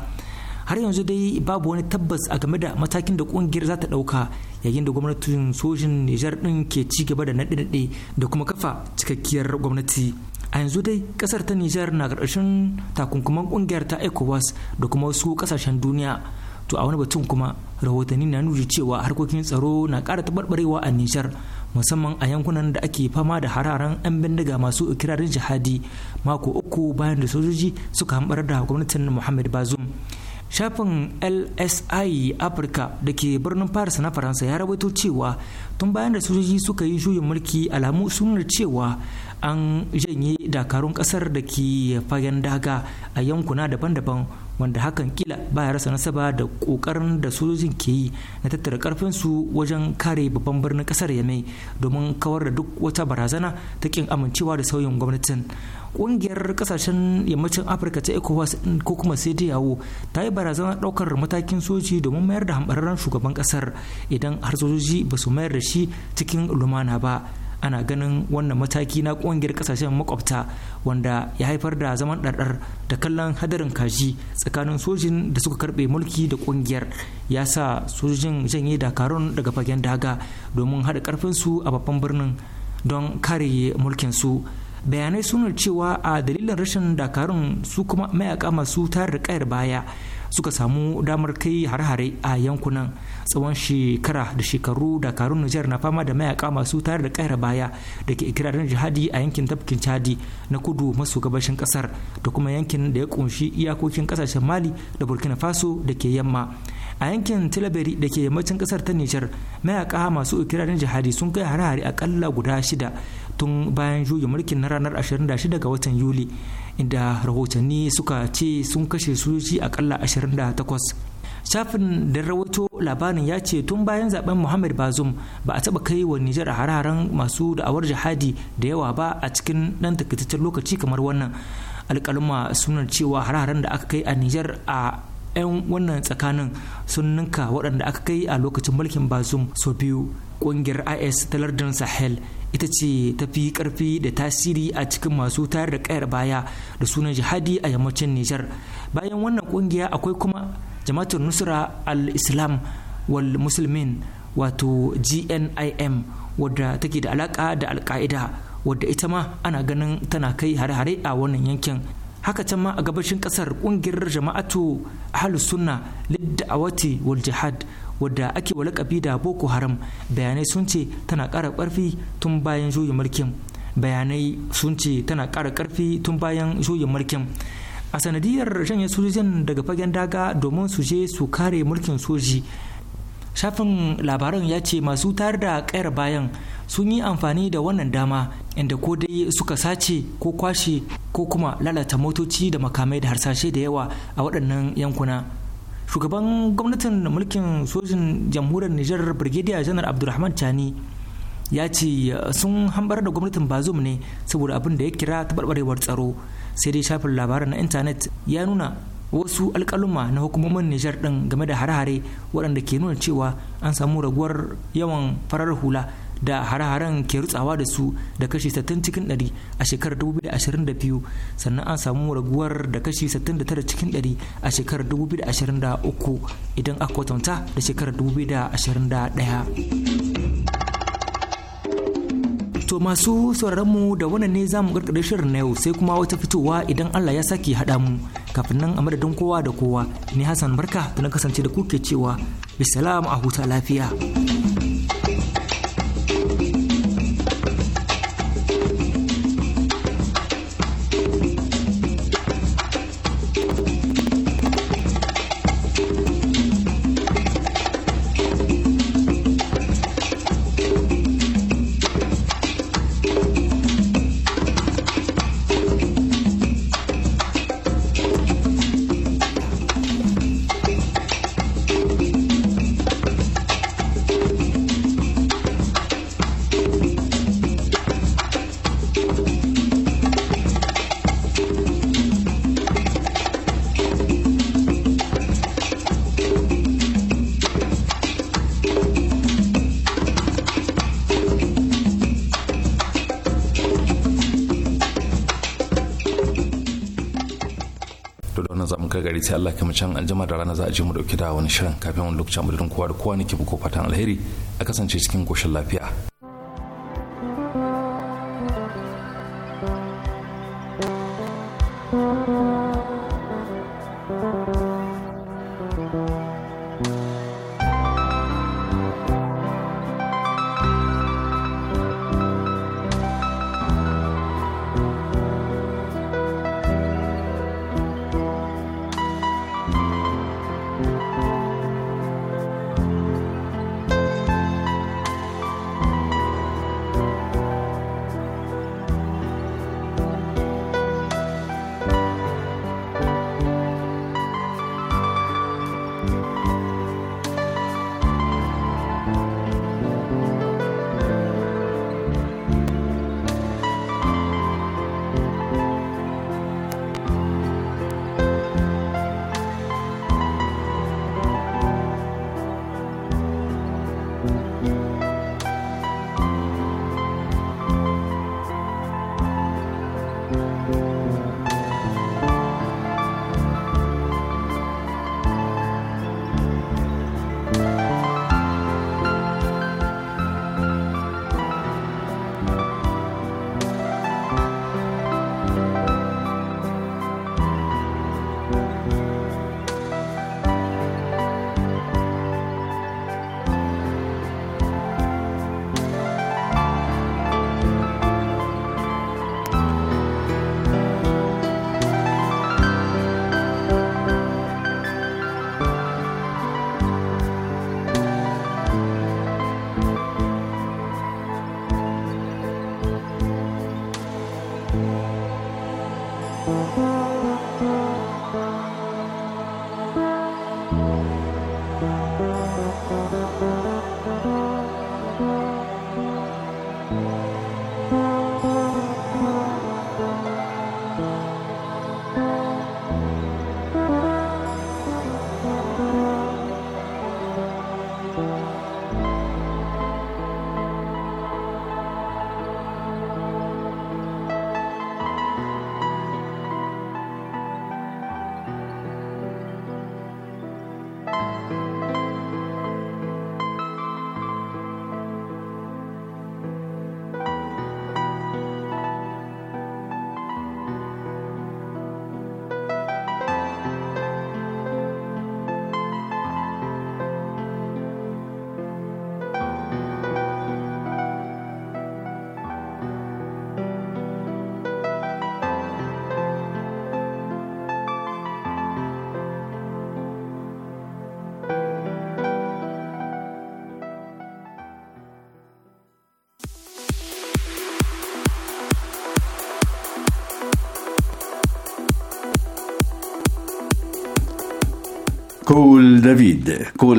har yanzu dai babu wani tabbas a game da matakin da kungiyar za ta ɗauka yayin da gwamnatin sojin nijar ɗin ke ci gaba da naɗe-naɗe da kuma kafa cikakkiyar gwamnati a yanzu dai kasar ta nijar na ƙarƙashin takunkuman ƙungiyar ta ecowas da kuma wasu ƙasashen duniya to a wani batun kuma rahotanni na nuna cewa harkokin tsaro na ƙara taɓarɓarewa a nijar musamman a yankunan da ake fama da hararen 'yan bindiga masu ikirarin jihadi mako uku bayan da sojoji suka hambar da gwamnatin muhammad bazum shafin lsi afirka da ke birnin paris na faransa ya rawaito cewa tun bayan da sojoji suka yi juyin mulki alamu sun cewa an janye dakarun kasar da ke fagen daga a yankuna daban-daban wanda hakan kila ba ya rasa nasaba da kokarin da sojojin ke yi na tattara karfin su wajen kare babban birnin kasar yamai domin kawar da duk wata barazana ta kin amincewa da sauyin gwamnatin ƙungiyar kasashen yammacin afirka ta ecowas ko kuma yawo ta yi barazana ɗaukar matakin soji domin mayar da hambararren shugaban kasar idan har sojoji ba su mayar da shi cikin lumana ba ana ganin wannan mataki na ƙungiyar ƙasashen makwabta wanda ya haifar da zaman ɗarɗar da kallon hadarin kaji tsakanin sojin da suka karɓe mulki da ƙungiyar ya sa sojin janye dakarun daga fagen daga domin haɗa ƙarfinsu a babban birnin don kare mulkinsu bayanai suna cewa a dalilin rashin dakarun su kuma mayaka masu tare da kayar baya suka samu damar kai har-hare a yankunan tsawon shekara da shekaru da dakarun nijar na fama da mayaka masu tare da kaira baya da ke ikirarin jihadi a yankin tafkin chadi na kudu maso gabashin kasar da kuma yankin da ya kunshi iyakokin kasashen mali da burkina faso da ke yamma a yankin tilaberi da ke yammacin kasar ta nijar mayaka masu ikirarin jihadi sun kai hare-hare akalla guda shida tun bayan juya mulkin na ranar 26 ga watan yuli inda rahotanni suka ce sun kashe sojoji akalla 28 shafin da rawaito labarin ya ce tun bayan zaben muhammad bazum ba a taba kai wa nijar hararen masu da'awar jihadi da yawa ba a cikin dan takaitaccen lokaci kamar wannan alƙaluma sunan cewa hararen da aka kai a nijar a 'yan wannan tsakanin sun ninka waɗanda aka kai a lokacin mulkin bazum sau biyu ƙungiyar is ta lardin sahel ita ce ta fi karfi da tasiri a cikin masu tayar da kayar baya da sunan jihadi a yammacin Nijar bayan wannan ƙungiya akwai kuma jama'atul nusra al-islam wal muslimin wato gnim wadda take da alaka da alka'ida wadda ita ma ana ganin tana kai hare-hare a wannan yankin haka can ma a gabashin kasar kungiyar jama'atu ahlus sunna lidda'awati wal jihad wadda ake walakabi da boko haram bayanai sun ce tana ƙara ƙarfi tun bayan juyin mulkin bayanai sun ce tana ƙara ƙarfi tun bayan juyin mulkin a sanadiyar janye sojojin daga fagen daga domin su je su kare mulkin soji shafin labaran ya ce masu tare da kayar bayan sun yi amfani da wannan dama inda ko dai suka sace ko kwashe ko kuma lalata motoci da makamai da harsashe da yawa a waɗannan yankuna shugaban gwamnatin mulkin sojin jamhuriyar nijar brigadier janar abdulrahman chani ya ce sun hambar da gwamnatin bazum ne saboda abin da ya kira taɓarɓarewar tsaro sai dai shafin labaran na intanet ya nuna wasu alkaluma na hukumomin nijar din game da hare-hare waɗanda ke nuna cewa an samu raguwar yawan farar hula da hare-haren ke rutsawa da su da kashi 60 cikin 100 a shekarar 2022 sannan an samu raguwar da kashi 69 cikin 100 a shekarar 2023 idan aka kwatanta da shekarar 2021 To masu sauraron mu da wannan ne za mu karkare shirin na yau sai kuma wata fitowa idan Allah ya sake haɗa mu kafin nan a madadin kowa da kowa ni Hassan Barka da na kasance da kuke cewa bisalamu a huta lafiya. dare sai Allah kuma can anjima da rana za a je mu dauki da wani shirin kafin wani lokacin mu da kowa da kowa nake muku fatan alheri a kasance cikin koshin lafiya Cool David, col